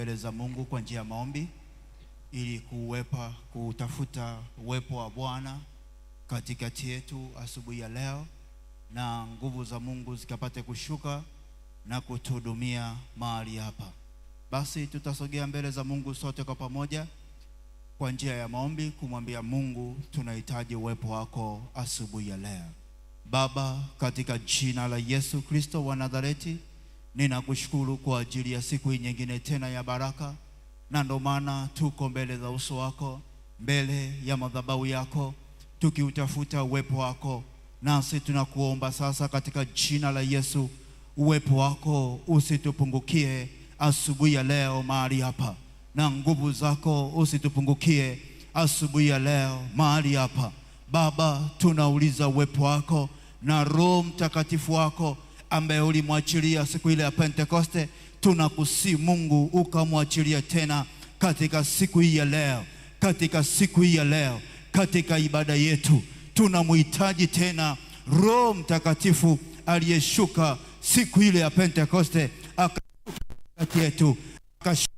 mbele za Mungu kwa njia ya maombi ili kuwepa kutafuta uwepo wa Bwana katikati yetu asubuhi ya leo, na nguvu za Mungu zikapate kushuka na kutuhudumia mahali hapa. Basi tutasogea mbele za Mungu sote kwa pamoja kwa njia ya maombi kumwambia Mungu tunahitaji uwepo wako asubuhi ya leo. Baba, katika jina la Yesu Kristo wa Nazareti Ninakushukuru kwa ajili ya siku nyingine tena ya baraka, na ndo maana tuko mbele za uso wako, mbele ya madhabahu yako, tukiutafuta uwepo wako. Nasi tunakuomba sasa katika jina la Yesu, uwepo wako usitupungukie asubuhi ya leo mahali hapa, na nguvu zako usitupungukie asubuhi ya leo mahali hapa. Baba, tunauliza uwepo wako na Roho Mtakatifu wako ambaye ulimwachilia siku ile ya Pentekoste, tunakusi Mungu ukamwachilia tena katika siku hii ya leo, katika siku hii ya leo, katika ibada yetu tunamhitaji tena Roho Mtakatifu aliyeshuka siku ile ya Pentekoste, akashuka kati yetu, akashuka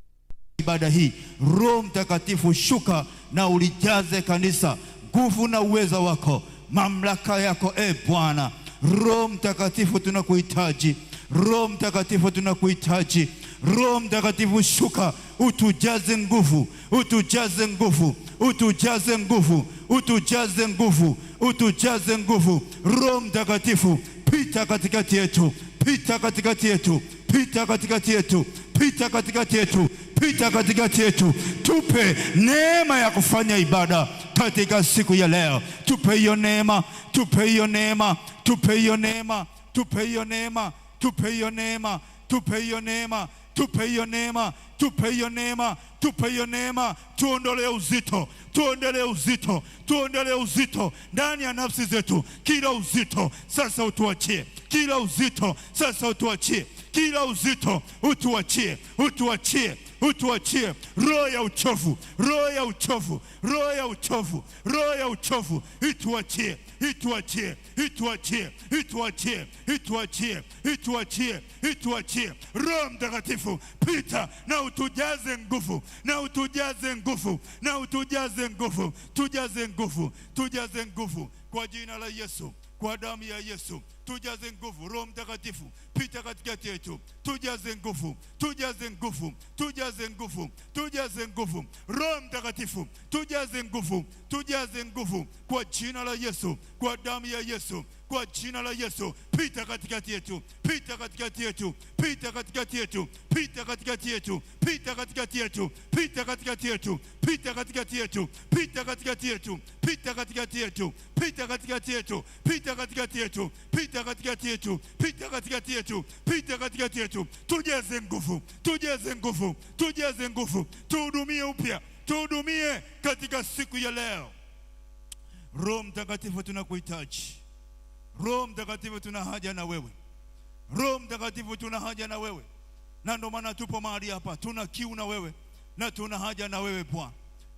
ibada hii. Roho Mtakatifu, shuka na ulijaze kanisa nguvu na uweza wako, mamlaka yako, e Bwana. Roho Mtakatifu tunakuhitaji, Roho Mtakatifu tunakuhitaji. Roho Mtakatifu shuka, utujaze nguvu, utujaze nguvu, utujaze nguvu, utujaze nguvu, utujaze nguvu. Roho Mtakatifu pita katikati yetu, pita katikati yetu, pita katikati yetu, pita katikati yetu, pita katikati yetu, tupe neema ya kufanya ibada katika siku ya leo. Tupe hiyo neema, tupe hiyo neema, tupe hiyo neema, tupe hiyo neema, tupe hiyo neema, tupe hiyo neema tupe hiyo neema, tupe hiyo neema, tupe hiyo neema. Tuondolee uzito, tuondolee uzito, tuondolee uzito ndani ya nafsi zetu. Kila uzito sasa utuachie, kila uzito sasa utuachie, kila uzito utuachie, utuachie utuachie roho ya uchovu, roho ya uchovu, roho ya uchovu, roho ya uchovu, ituachie, ituachie, ituachie, ituachie, ituachie, ituachie, ituachie. Roho Mtakatifu, pita na utujaze nguvu, na utujaze nguvu, na utujaze nguvu, tujaze nguvu, tujaze nguvu, kwa jina la Yesu, kwa damu ya Yesu tujaze nguvu. Roho Mtakatifu, pita katikati yetu, tujaze nguvu, tujaze nguvu, tujaze nguvu, tujaze nguvu. Roho Mtakatifu, tujaze nguvu, tujaze nguvu, kwa jina la Yesu, kwa damu ya Yesu, kwa jina la Yesu. Pita katikati yetu, pita katikati yetu, pita katikati yetu, pita katikati yetu, pita katikati yetu, pita katikati yetu, pita katikati yetu, pita katikati yetu, pita katikati yetu pita katikati yetu, pita katikati yetu, pita katikati yetu, pita katikati yetu, pita katikati yetu. Tujeze nguvu, tujeze nguvu, tujeze nguvu, tuhudumie upya, tuhudumie katika siku ya leo. Roho Mtakatifu, tunakuhitaji. Roho Mtakatifu, tuna haja na wewe. Roho Mtakatifu, tuna haja na wewe, na ndio maana tupo mahali hapa, tuna kiu na wewe na tuna haja na wewe Bwana,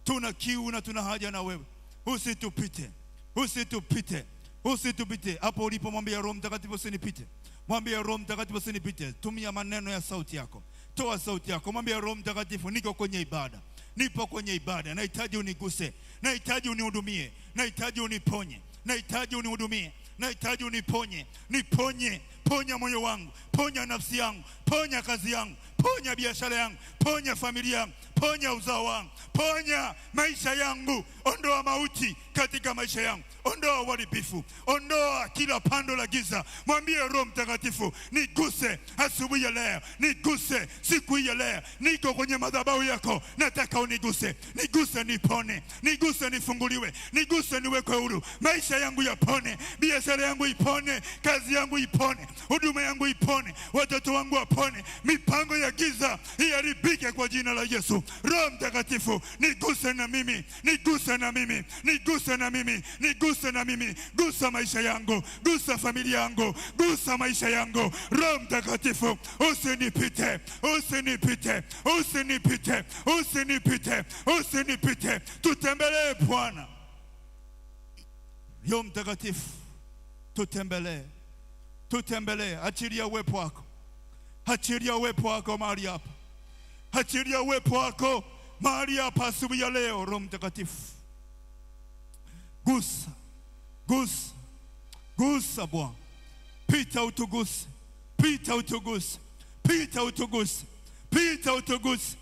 tuna kiu na tuna haja na wewe, usitupite usitupite usitupite. Hapo ulipo mwambie Roho Mtakatifu usinipite, mwambie Roho Mtakatifu usinipite. Tumia maneno ya sauti yako, toa sauti yako, mwambie Roho Mtakatifu, niko kwenye ibada, nipo kwenye ibada, nahitaji uniguse, nahitaji unihudumie, nahitaji uniponye, nahitaji unihudumie, nahitaji uniponye, niponye, ponya moyo wangu, ponya nafsi yangu, ponya kazi yangu, ponya biashara yangu, ponya familia yangu, ponya uzao wangu, ponya maisha yangu. Ondoa mauti katika maisha yangu, ondoa uharibifu, ondoa kila pando la giza. Mwambie Roho Mtakatifu, niguse asubuhi ya leo, niguse siku hii ya leo. Niko kwenye madhabahu yako, nataka uniguse, niguse nipone, niguse nifunguliwe, niguse niwekwe huru, maisha yangu yapone, biashara yangu ipone, kazi yangu ipone, huduma yangu ipone, watoto wangu wapone apone. Mipango ya giza iharibike kwa jina la Yesu. Roho Mtakatifu, niguse na mimi, niguse na mimi, niguse na mimi, niguse na mimi, gusa maisha yangu, gusa familia yangu, gusa maisha yangu. Roho Mtakatifu, usinipite, usinipite, usinipite, usinipite, usinipite. Tutembelee Bwana. Roho Mtakatifu, tutembelee, tutembelee, achilia uwepo wako Achilia uwepo wako mahali hapa, achilia uwepo wako mahali hapa asubuhi ya leo. Roho Mtakatifu, gusa, gusa, gusa Bwana, pita utuguse, pita utuguse, pita utuguse, pita utuguse.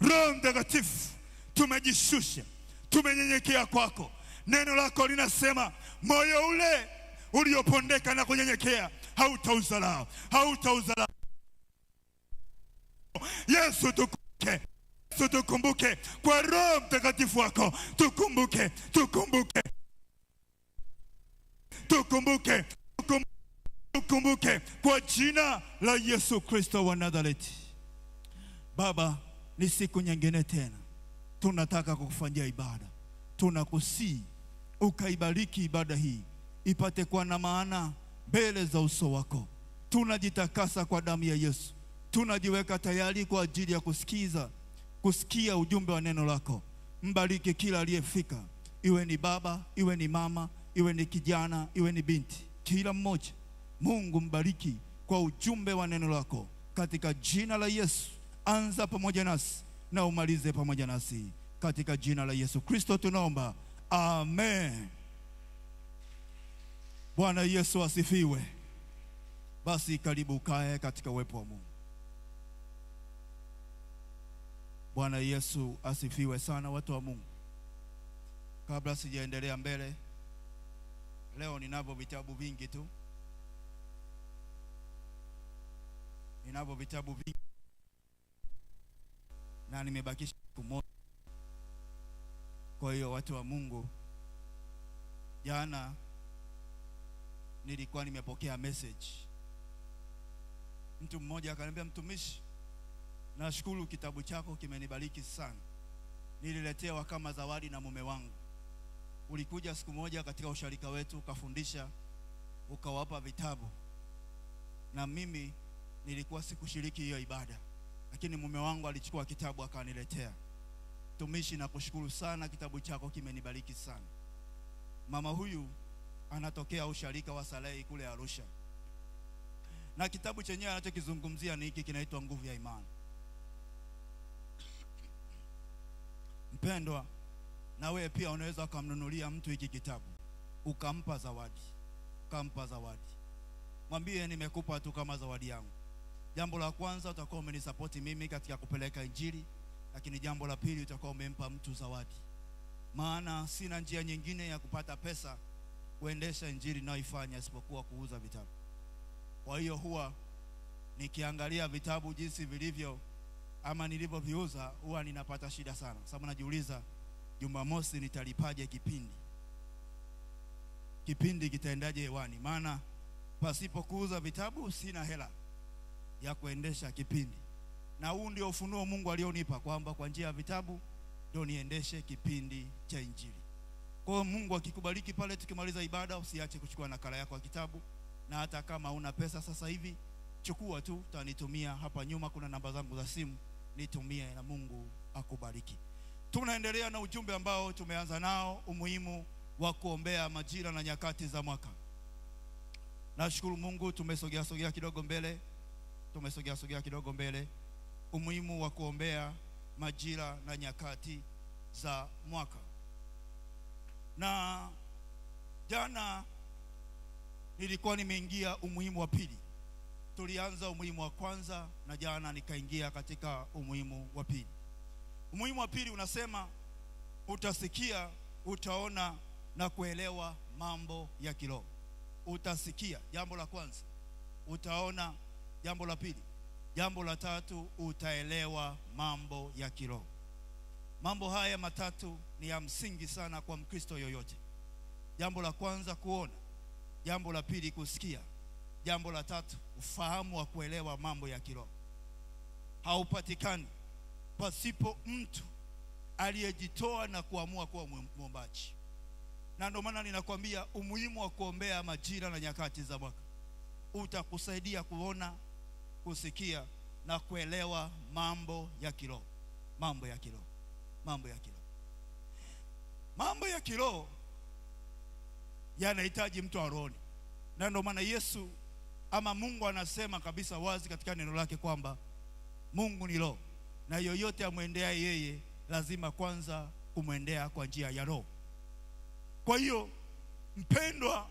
Roho Mtakatifu, tumejishusha, tumenyenyekea kwako. Neno lako linasema moyo ule uliopondeka na kunyenyekea hautauzalao hautauzalao. Yesu tukumbuke, Yesu tukumbuke kwa Roho Mtakatifu wako, tukumbuke, tukumbuke, tukumbuke, tukumbuke kwa jina la Yesu Kristo wa Nazareti. Baba, ni siku nyingine tena tunataka kukufanyia ibada, tunakusii ukaibariki ibada hii ipate kuwa na maana mbele za uso wako. Tunajitakasa kwa damu ya Yesu tunajiweka tayari kwa ajili ya kusikiza, kusikia ujumbe wa neno lako. Mbariki kila aliyefika, iwe ni baba, iwe ni mama, iwe ni kijana, iwe ni binti, kila mmoja Mungu mbariki kwa ujumbe wa neno lako, katika jina la Yesu. Anza pamoja nasi na umalize pamoja nasi, katika jina la Yesu Kristo tunaomba, amen. Bwana Yesu asifiwe. Basi karibu ukae katika uwepo wa Mungu. Bwana Yesu asifiwe sana, watu wa Mungu. Kabla sijaendelea mbele, leo ninavyo vitabu vingi tu, ninavyo vitabu vingi na nimebakisha kumoja. Kwa hiyo watu wa Mungu, jana nilikuwa nimepokea message, mtu mmoja akaniambia, mtumishi Nashukuru kitabu chako kimenibariki sana. Nililetewa kama zawadi na mume wangu. Ulikuja siku moja katika usharika wetu ukafundisha, ukawapa vitabu, na mimi nilikuwa sikushiriki hiyo ibada, lakini mume wangu alichukua kitabu akaniletea. Tumishi, nakushukuru sana, kitabu chako kimenibariki sana. Mama huyu anatokea usharika wa Salei kule Arusha, na kitabu chenyewe anachokizungumzia ni hiki, kinaitwa Nguvu ya Imani. Mpendwa, na wewe pia unaweza ukamnunulia mtu hiki kitabu ukampa zawadi, ukampa zawadi, mwambie nimekupa tu kama zawadi yangu. Jambo la kwanza utakuwa umenisapoti mimi katika kupeleka Injili, lakini jambo la pili utakuwa umempa mtu zawadi, maana sina njia nyingine ya kupata pesa kuendesha injili ninayoifanya isipokuwa kuuza vitabu. Kwa hiyo huwa nikiangalia vitabu jinsi vilivyo ama nilivyoviuza huwa ninapata shida sana, sababu najiuliza Jumamosi nitalipaje kipindi, kipindi kitaendaje hewani? Maana pasipo kuuza vitabu sina hela ya kuendesha kipindi, na huu ndio ufunuo Mungu alionipa kwamba kwa njia ya vitabu ndio niendeshe kipindi cha Injili. Kwa hiyo Mungu akikubariki pale tukimaliza ibada, usiache kuchukua nakala yako ya kitabu, na hata kama una pesa sasa hivi chukua tu, utanitumia hapa. Nyuma kuna namba zangu za simu nitumie na Mungu akubariki. Tunaendelea na ujumbe ambao tumeanza nao, umuhimu wa kuombea majira na nyakati za mwaka. Nashukuru Mungu, tumesogea sogea kidogo mbele, tumesogea sogea kidogo mbele, umuhimu wa kuombea majira na nyakati za mwaka. Na jana nilikuwa nimeingia umuhimu wa pili tulianza umuhimu wa kwanza na jana nikaingia katika umuhimu wa pili. Umuhimu wa pili unasema utasikia, utaona na kuelewa mambo ya kiroho. Utasikia, jambo la kwanza. Utaona, jambo la pili. Jambo la tatu, utaelewa mambo ya kiroho. Mambo haya matatu ni ya msingi sana kwa Mkristo yoyote. Jambo la kwanza kuona, jambo la pili kusikia Jambo la tatu, ufahamu wa kuelewa mambo ya kiroho haupatikani pasipo mtu aliyejitoa na kuamua kuwa mwombaji, na ndio maana ninakwambia umuhimu wa kuombea majira na nyakati za mwaka. Utakusaidia kuona, kusikia na kuelewa mambo ya kiroho, mambo ya kiroho, mambo ya kiroho, mambo ya kiroho yanahitaji mtu aroni. na ndio maana Yesu ama Mungu anasema kabisa wazi katika neno lake kwamba Mungu ni roho na yoyote amwendea yeye lazima kwanza kumwendea kwa njia ya roho. Kwa hiyo mpendwa,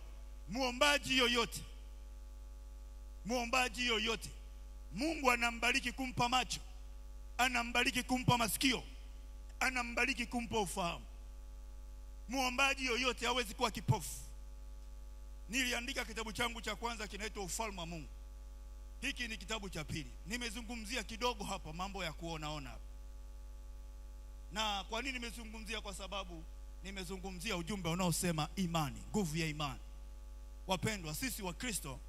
muombaji yoyote, muombaji yoyote, Mungu anambariki kumpa macho, anambariki kumpa masikio, anambariki kumpa ufahamu. Muombaji yoyote hawezi kuwa kipofu Niliandika kitabu changu cha kwanza kinaitwa Ufalme wa Mungu. Hiki ni kitabu cha pili. Nimezungumzia kidogo hapa mambo ya kuonaona hapa. Na kwa nini nimezungumzia? Kwa sababu nimezungumzia ujumbe unaosema imani, nguvu ya imani. Wapendwa, sisi wa Kristo,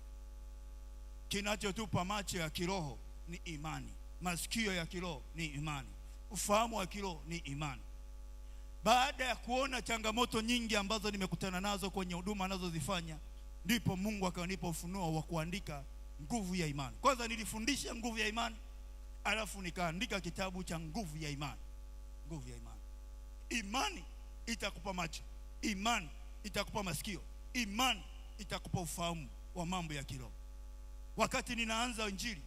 kinachotupa macho ya kiroho ni imani, masikio ya kiroho ni imani, ufahamu wa kiroho ni imani. Baada ya kuona changamoto nyingi ambazo nimekutana nazo kwenye huduma anazozifanya, ndipo Mungu akanipa ufunuo wa kuandika nguvu ya imani. Kwanza nilifundisha nguvu ya imani, alafu nikaandika kitabu cha nguvu ya imani. Nguvu ya imani, imani itakupa macho, imani itakupa masikio, imani itakupa ufahamu wa mambo ya kiroho. Wakati ninaanza Injili,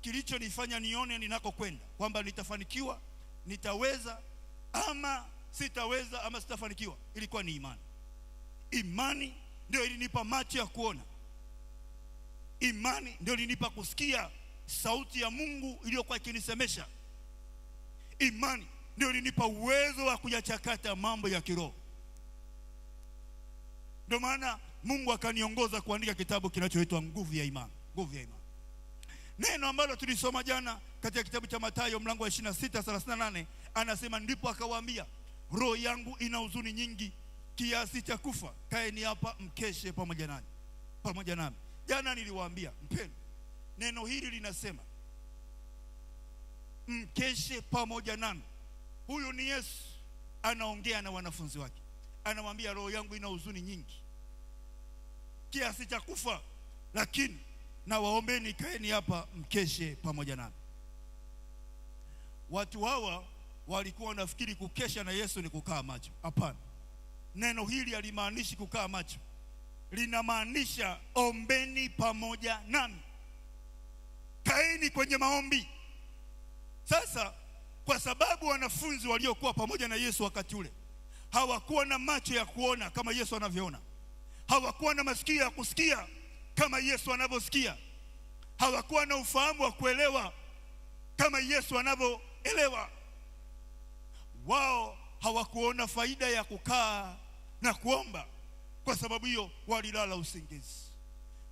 kilichonifanya nione ninakokwenda kwamba nitafanikiwa, nitaweza ama sitaweza ama sitafanikiwa, ilikuwa ni imani. Imani ndio ilinipa macho ya kuona, imani ndio ilinipa kusikia sauti ya Mungu iliyokuwa ikinisemesha, imani ndio ilinipa uwezo wa kuyachakata mambo ya kiroho. Ndio maana Mungu akaniongoza kuandika kitabu kinachoitwa Nguvu ya Imani. Nguvu ya Imani, neno ambalo tulisoma jana katika kitabu cha matayo mlango wa 26 38, anasema ndipo akawaambia roho yangu ina huzuni nyingi kiasi cha kufa, kaeni hapa mkeshe pamoja nani, pamoja nami. Jana niliwaambia mpendo, neno hili linasema mkeshe pamoja nami. Huyu ni Yesu anaongea na wanafunzi wake, anamwambia roho yangu ina huzuni nyingi kiasi cha kufa, lakini nawaombeni, kaeni hapa mkeshe pamoja nami. Watu hawa walikuwa wanafikiri kukesha na Yesu ni kukaa macho. Hapana, neno hili halimaanishi kukaa macho, linamaanisha ombeni pamoja nami, kaeni kwenye maombi. Sasa kwa sababu wanafunzi waliokuwa pamoja na Yesu wakati ule hawakuwa na macho ya kuona kama Yesu anavyoona, hawakuwa na masikio ya kusikia kama Yesu anavyosikia, hawakuwa na ufahamu wa kuelewa kama Yesu anavyoelewa wao hawakuona faida ya kukaa na kuomba, kwa sababu hiyo walilala usingizi.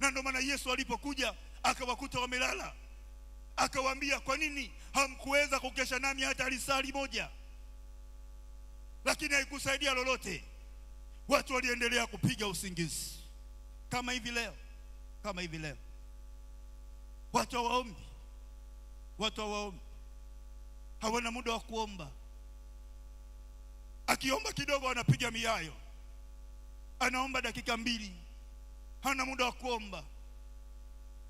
Na ndio maana Yesu alipokuja akawakuta wamelala, akawaambia, kwa nini hamkuweza kukesha nami hata lisali moja? Lakini haikusaidia lolote, watu waliendelea kupiga usingizi kama hivi leo, kama hivi leo. Watu hawaombi, watu hawaombi, hawana muda wa kuomba akiomba kidogo anapiga miayo, anaomba dakika mbili, hana muda wa kuomba,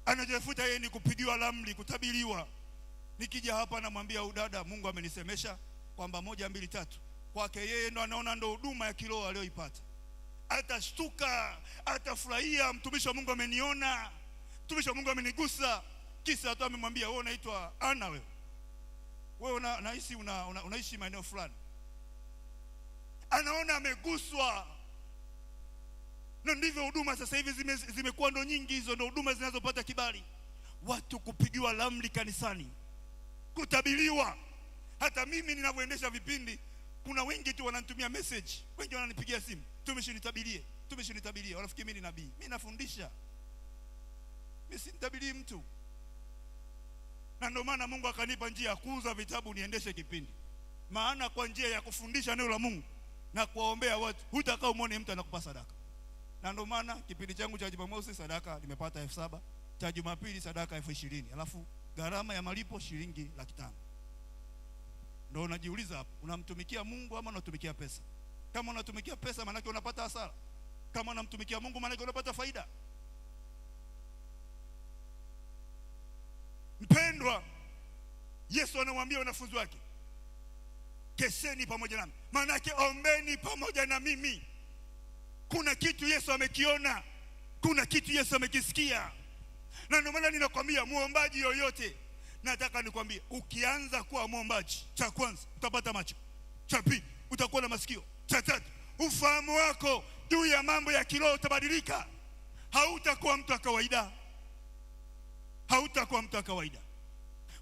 anajifuta yeye ni kupigiwa ramli, kutabiriwa. Nikija hapa namwambia udada, Mungu amenisemesha kwamba moja mbili tatu, kwake yeye ndo anaona ndo huduma ya kiroho aliyoipata. Atashtuka, atafurahia, mtumishi wa Mungu ameniona, mtumishi wa Mungu amenigusa. Kisa tu amemwambia wewe unaitwa Ana, wewe wewe unahisi una, una, unaishi maeneo fulani anaona ameguswa na ndivyo huduma sasa hivi zime, zimekuwa ndo nyingi hizo ndo huduma zinazopata kibali watu kupigiwa ramli kanisani kutabiliwa hata mimi ninavyoendesha vipindi kuna wengi tu wananitumia message wengi wananipigia simu tumeshinitabilie tumeshinitabilie wanafikiri mimi ni nabii mimi nafundisha mimi simtabilii mtu na ndio maana Mungu akanipa njia ya kuuza vitabu niendeshe kipindi maana kwa njia ya kufundisha neno la Mungu na kuwaombea watu, hutakaa umwone mtu anakupa sadaka. Na ndio maana kipindi changu cha Jumamosi sadaka nimepata elfu saba cha Jumapili sadaka elfu ishirini alafu gharama ya malipo shilingi laki tano. Ndio unajiuliza hapo, unamtumikia Mungu ama unatumikia pesa? Kama unatumikia pesa, maanake unapata hasara. Kama unamtumikia Mungu, maanake unapata faida. Mpendwa, Yesu anamwambia wanafunzi wake keseni pamoja nami, maanake ombeni pamoja na mimi. Kuna kitu Yesu amekiona, kuna kitu Yesu amekisikia, na ndio maana ninakwambia muombaji yoyote, nataka nikwambie, ukianza kuwa mwombaji, cha kwanza utapata macho, cha pili utakuwa na masikio, cha tatu ufahamu wako juu ya mambo ya kiroho utabadilika. Hautakuwa mtu wa kawaida, hautakuwa mtu wa kawaida.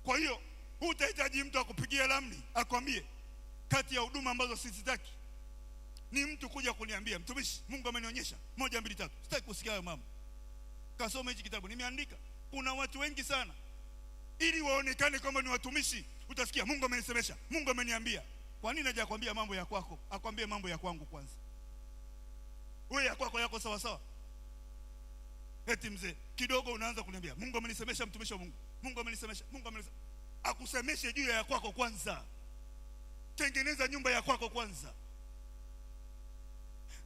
Kwa hiyo hutahitaji mtu akupigie ramli akwambie kati ya huduma ambazo sizitaki ni mtu kuja kuniambia mtumishi, Mungu amenionyesha moja mbili tatu. Sitaki kusikia hayo mama, kasome hichi kitabu, nimeandika. Kuna watu wengi sana, ili waonekane kwamba ni watumishi, utasikia Mungu amenisemesha, Mungu ameniambia. Kwa nini naja kwambia mambo ya kwako? Akwambie mambo ya kwangu kwanza. Wewe ya kwako yako sawa sawa, eti mzee kidogo unaanza kuniambia Mungu amenisemesha, mtumishi wa Mungu, Mungu amenisemesha, Mungu amenisemesha. Akusemeshe juu ya kwako kwanza tengeneza nyumba ya kwako kwanza.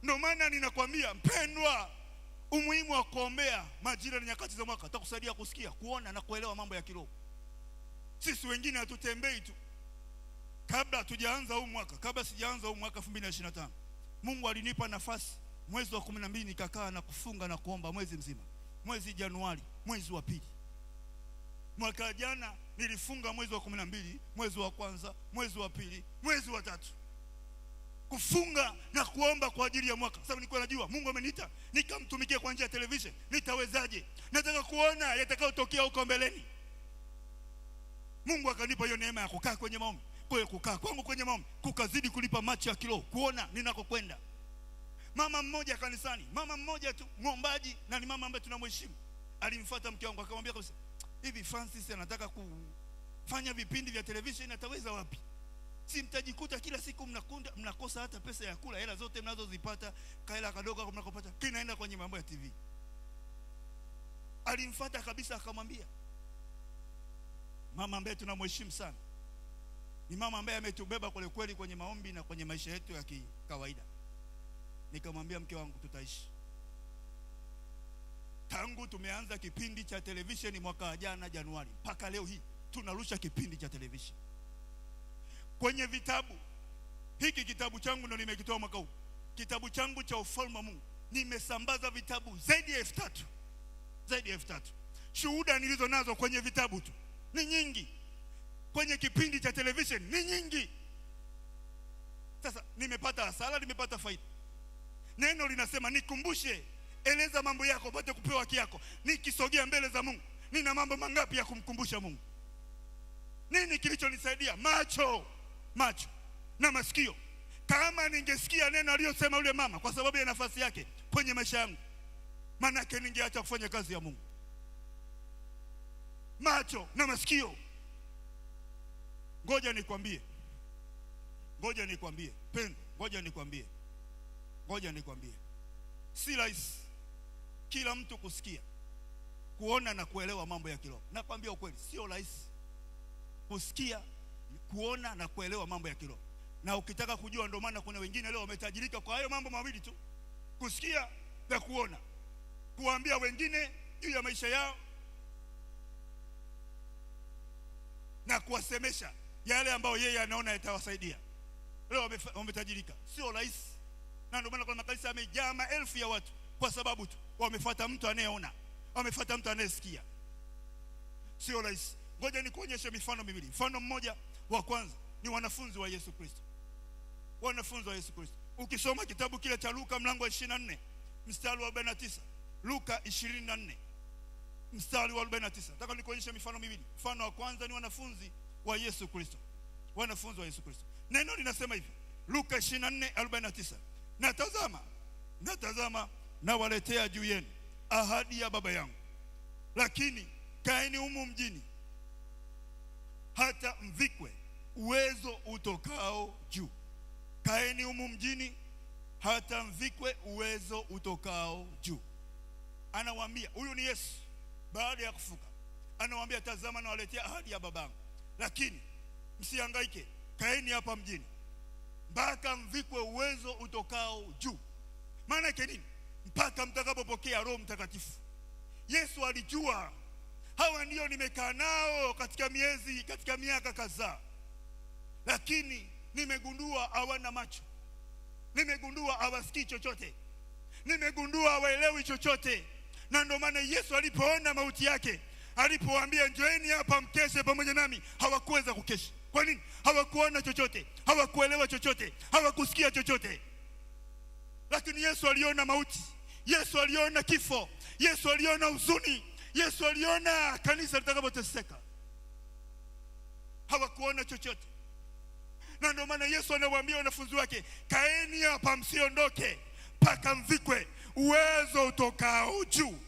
Ndio maana ninakwambia mpendwa, umuhimu wa kuombea majira na nyakati za mwaka atakusaidia kusikia, kuona na kuelewa mambo ya kiroho. Sisi wengine hatutembei tu. Kabla hatujaanza huu mwaka, kabla sijaanza huu mwaka 2025 Mungu alinipa nafasi mwezi wa kumi na mbili nikakaa na kufunga na kuomba mwezi mzima, mwezi Januari, mwezi wa pili mwaka jana nilifunga mwezi wa kumi na mbili mwezi wa kwanza mwezi wa pili mwezi wa tatu kufunga na kuomba kwa ajili ya mwaka, sababu nilikuwa najua Mungu ameniita nikamtumikia kwa njia ya television, nitawezaje? Nataka kuona yatakayotokea huko mbeleni. Mungu akanipa hiyo neema ya kukaa kwenye maombi. Kwa hiyo kukaa kwangu kwenye maombi kukazidi kulipa macho ya kiroho, kuona ninakokwenda. Mama mmoja kanisani, mama mmoja tu mwombaji, na ni mama ambaye tunamheshimu, alimfuata mke wangu akamwambia kabisa Hivi Francis anataka kufanya vipindi vya televisheni ataweza wapi? Si mtajikuta kila siku mnakunda, mnakosa hata pesa ya kula. Hela zote mnazozipata kaela kadogo mnakopata kinaenda kwenye mambo ya TV. Alimfuata kabisa akamwambia, mama ambaye tunamheshimu sana, ni mama ambaye ametubeba kwelikweli kweli kwenye maombi na kwenye maisha yetu ya kikawaida. Nikamwambia mke wangu, tutaishi tangu tumeanza kipindi cha televisheni mwaka jana Januari mpaka leo hii tunarusha kipindi cha televisheni kwenye vitabu. Hiki kitabu changu ndo nimekitoa mwaka huu, kitabu changu cha ufalme wa Mungu nimesambaza vitabu zaidi ya elfu tatu zaidi ya elfu tatu. Shuhuda nilizo nazo kwenye vitabu tu ni nyingi, kwenye kipindi cha televisheni ni nyingi. Sasa nimepata hasara, nimepata faida. Neno linasema nikumbushe Eleza mambo yako upate kupewa haki yako. Nikisogea mbele za Mungu, nina mambo mangapi ya kumkumbusha Mungu? Nini kilichonisaidia? Macho, macho na masikio. Kama ningesikia neno aliyosema yule mama kwa sababu ya nafasi yake kwenye maisha yangu, manake ningeacha kufanya kazi ya Mungu. Macho na masikio. Ngoja nikwambie, ngoja nikwambie, Pendo, ngoja nikwambie, ngoja nikwambie, si rahisi kila mtu kusikia, kuona na kuelewa mambo ya kiroho. Nakwambia ukweli, sio rahisi kusikia, kuona na kuelewa mambo ya kiroho. Na ukitaka kujua, ndio maana kuna wengine leo wametajirika kwa hayo mambo mawili tu, kusikia na kuona, kuambia wengine juu ya maisha yao na kuwasemesha yale ambayo yeye anaona yatawasaidia. Leo wametajirika, sio rahisi, na ndio maana kuna makanisa yamejaa maelfu ya watu kwa sababu tu wamefuata mtu anayeona, wamefuata mtu anayesikia. Sio rahisi. Ngoja nikuonyeshe mifano miwili. Mfano mmoja wa kwanza ni wanafunzi wa Yesu Kristo, wanafunzi wa Yesu Kristo. Ukisoma kitabu kile cha Luka mlango wa 24 mstari wa 49, Luka 24 mstari wa 49, nataka nikuonyeshe mifano miwili. Mfano wa kwanza ni wanafunzi wa Yesu Kristo, wanafunzi wa Yesu Kristo. Neno linasema hivi, Luka 24:49, natazama natazama nawaletea juu yenu ahadi ya Baba yangu, lakini kaeni humu mjini hata mvikwe uwezo utokao juu. Kaeni humu mjini hata mvikwe uwezo utokao juu. Anawaambia, huyu ni Yesu baada ya kufuka, anawaambia tazama, nawaletea ahadi ya babangu, lakini msihangaike, kaeni hapa mjini mpaka mvikwe uwezo utokao juu. Maana yake nini? mpaka mtakapopokea Roho Mtakatifu. Yesu alijua hawa ndio nimekaa nao katika miezi, katika miaka kadhaa, lakini nimegundua hawana macho, nimegundua hawasikii chochote, nimegundua hawaelewi chochote. Na ndio maana Yesu alipoona mauti yake, alipowaambia njoeni hapa mkeshe pamoja nami, hawakuweza kukesha. Kwa nini? Hawakuona chochote, hawakuelewa chochote, hawakusikia chochote, lakini Yesu aliona mauti Yesu aliona kifo, Yesu aliona huzuni, Yesu aliona kanisa litakapoteseka. Hawakuona chochote, na ndio maana Yesu anawaambia wanafunzi wake, kaeni hapa, msiondoke mpaka mvikwe uwezo utokao juu,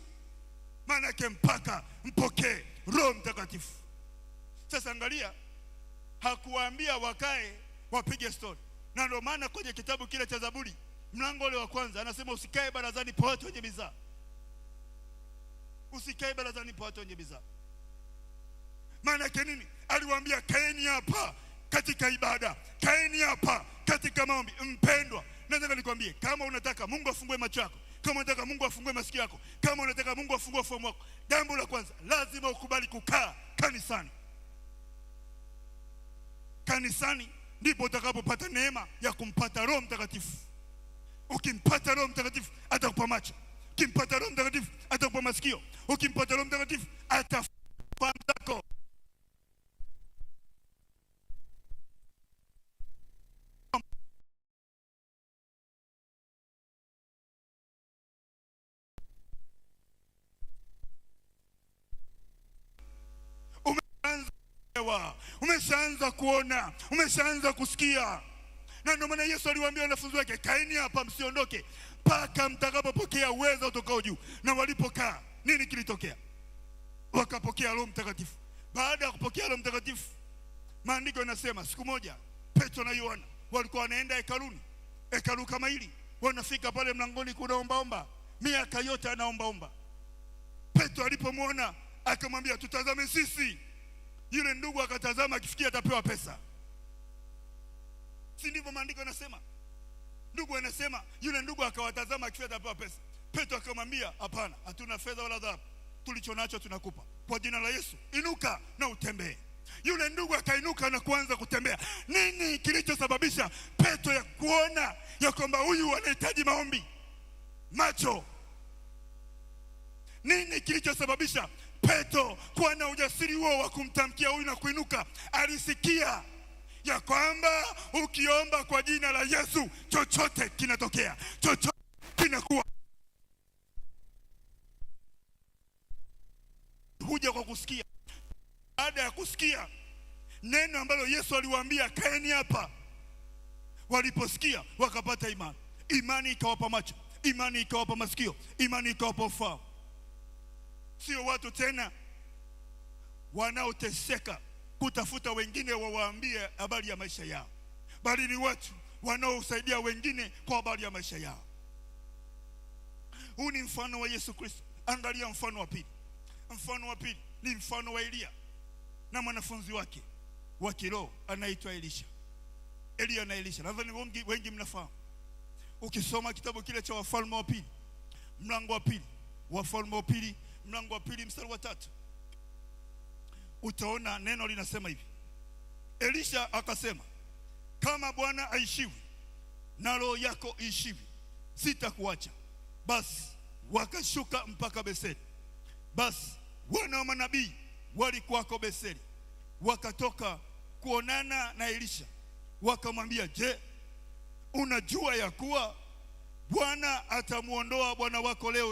maanake mpaka mpokee Roho Mtakatifu. Sasa angalia, hakuwaambia wakae wapige stori, na ndio maana kwenye kitabu kile cha Zaburi mlango ule wa kwanza anasema usikae barazani pa watu wenye bidhaa, usikae barazani pa watu wenye bidhaa. Maana yake nini? Aliwaambia kaeni hapa katika ibada, kaeni hapa katika maombi. Mpendwa, nataka nikwambie, kama unataka Mungu afungue macho yako, kama unataka Mungu afungue masikio yako, kama unataka Mungu afungue fahamu yako, jambo la kwanza lazima ukubali kukaa kanisani. Kanisani ndipo utakapopata neema ya kumpata Roho Mtakatifu ukimpata Roho Mtakatifu atakupa macho, ukimpata Roho Mtakatifu atakupa masikio, ukimpata Roho Mtakatifu atafahamu zako. umeshaanza kuona, umeshaanza kusikia. Na ndio maana Yesu aliwaambia wanafunzi wake, kaeni hapa msiondoke mpaka mtakapopokea uwezo utokao juu. Na walipokaa, nini kilitokea? Wakapokea Roho Mtakatifu. Baada ya kupokea Roho Mtakatifu, maandiko yanasema siku moja Petro na Yohana walikuwa wanaenda hekaluni, hekalu kama hili, wanafika pale mlangoni, kunaombaomba, miaka yote anaombaomba. Petro alipomwona akamwambia, tutazame sisi. Yule ndugu akatazama, akifikia atapewa pesa si ndivyo maandiko yanasema? Ndugu anasema, yule ndugu akawatazama akisema atapewa pesa. Petro akamwambia, hapana, hatuna fedha wala dhahabu, tulicho nacho tunakupa. Kwa jina la Yesu inuka na utembee. Yule ndugu akainuka na kuanza kutembea. Nini kilichosababisha Petro ya kuona ya kwamba huyu anahitaji maombi? Macho. Nini kilichosababisha Petro kuwa na ujasiri huo wa kumtamkia huyu na kuinuka? Alisikia ya kwamba ukiomba kwa jina la Yesu chochote kinatokea, chochote kinakuwa. Huja kwa kusikia, baada ya kusikia neno ambalo Yesu aliwaambia kaeni hapa. Waliposikia wakapata imani, imani ikawapa macho, imani ikawapa masikio, imani ikawapa ufahamu. Sio watu tena wanaoteseka kutafuta wengine wawaambie habari ya maisha yao, bali ni watu wanaosaidia wengine kwa habari ya maisha yao. Huu ni mfano wa Yesu Kristo. Angalia mfano wa pili. Mfano wa pili ni mfano wa Eliya na mwanafunzi wake wa kiroho anaitwa Elisha. Eliya na Elisha, nadhani wengi, wengi mnafahamu. Ukisoma kitabu kile cha Wafalme wa pili mlango wa pili, Wafalme wa pili mlango wa pili mstari wa tatu utaona neno linasema hivi, Elisha akasema, kama Bwana aishiwi na roho yako iishivi sitakuacha. Basi wakashuka mpaka beseli Basi wana wa manabii walikuwako beseli wakatoka kuonana na Elisha, wakamwambia, je, unajua ya kuwa Bwana atamwondoa bwana wako leo